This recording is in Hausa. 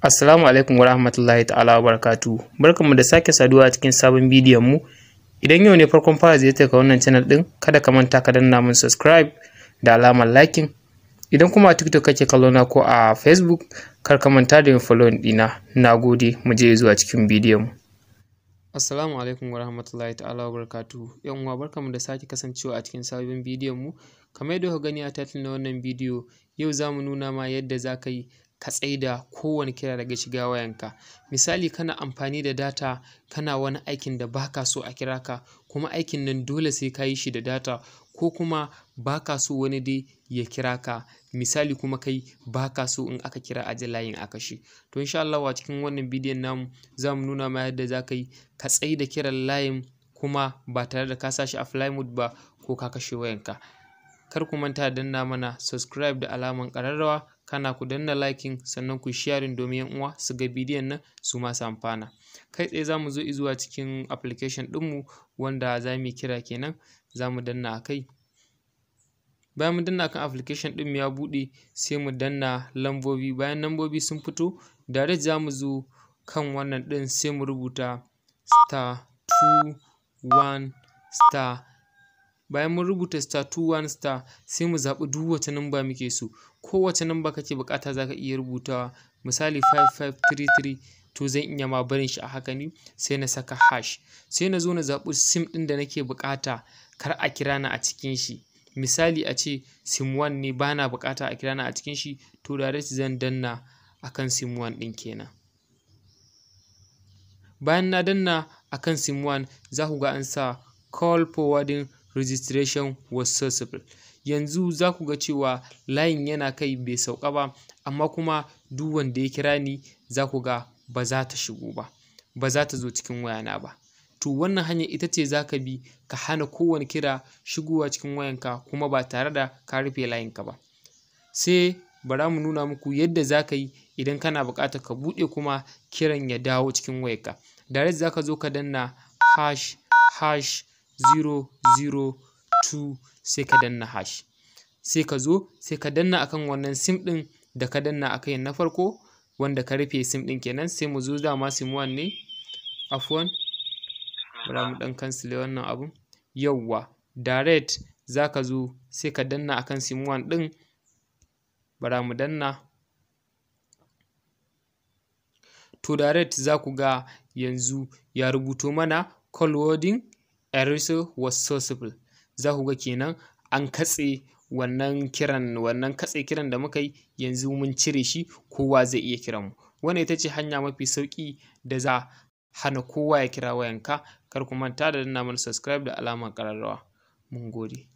Assalamu alaikum wa rahmatullahi ta'ala barakatu. Barkanmu da sake saduwa a cikin sabon bidiyon mu. Idan yau ne farkon fara ziyartar ka wannan channel din, kada ka manta ka danna mun subscribe da alamar liking. Idan kuma a TikTok kake kallo na ko a Facebook, kar ka manta da yin follow dina. Nagode, mu je zuwa cikin bidiyon mu. Assalamu alaikum rahmatullahi ta'ala barakatu. Yan uwa barkanmu da sake kasancewa a cikin sabon bidiyon mu. Kamar yadda kuka gani a title na wannan bidiyo, yau za mu nuna ma yadda za ka yi ka tsaida kowane kira daga shiga wayanka. Misali kana amfani da data kana wani aikin da baka so a kira ka kuma aikin nan dole sai ka yi shi da data ko kuma baka so wani dai ya kira ka. Misali kuma kai baka so in aka kira a ji layin a kashe. To insha Allah a cikin wannan bidiyon namu za mu nuna ma yadda za ka yi ka tsaida kiran layin kuma ba tare da ka sa shi a fly mode ba ko ka kashe wayanka. Kar ku manta danna mana subscribe da alamar ƙararrawa kana ku danna liking sannan ku sharing domin yan uwa su ga bidiyon nan su ma su amfana kai tsaye zamu zo zuwa cikin application ɗinmu wanda za mu kira kenan za mu danna a kai bayan mu danna kan application ɗin ya buɗe sai mu danna lambobi bayan lambobi sun fito direct za mu zo kan wannan ɗin sai mu rubuta star 2 1 star Bayan mun rubuta star two one star sai mu zaɓi duk wacce namba muke so. Kowace namba kake buƙata zaka iya rubutawa. Misali five to zan iya ma barin shi a haka ne sai na saka hash. Sai na zo na zaɓi sim ɗin da nake buƙata kar a kira ni a cikin shi. Misali a ce sim one ne bana buƙata a kira ni a cikin shi to direct zan danna akan sim one ɗin kenan. Bayan na danna akan sim one za ku ga an sa call forwarding registration was successful. Yanzu za ku ga cewa layin yana kai bai sauka ba amma kuma duk wanda ya kira ni za ku ga ba za ta shigo ba, ba za ta zo cikin wayana ba. To wannan hanyar ita ce za ka bi ka hana kowane kira shigowa cikin wayanka kuma ba tare da ka rufe layinka ba. Sai bara mu nuna muku yadda za ka yi idan kana buƙatar ka buɗe kuma kiran ya dawo cikin wayarka. Direct za ka zo ka danna hash, hash zero zero two sai ka danna hash. Sai ka zo sai ka danna akan wannan sim ɗin da ka danna a kai na farko wanda ka rufe sim ɗin kenan sai mu zo dama sim one ne afwan bara mu ɗan wannan abun yawwa direct za ka zo sai ka danna akan sim one ɗin bara mu danna to direct za ku ga yanzu ya rubuto mana call wording Eriso was successful. Za ku ga kenan an katse wannan kiran wannan katse kiran da muka yi yanzu mun cire shi kowa zai iya kiran mu. Wannan ita ce hanya mafi sauki da za hana kowa ya kira wayanka. Kar ku manta da danna mana subscribe da alamar ƙararrawa. Mun gode.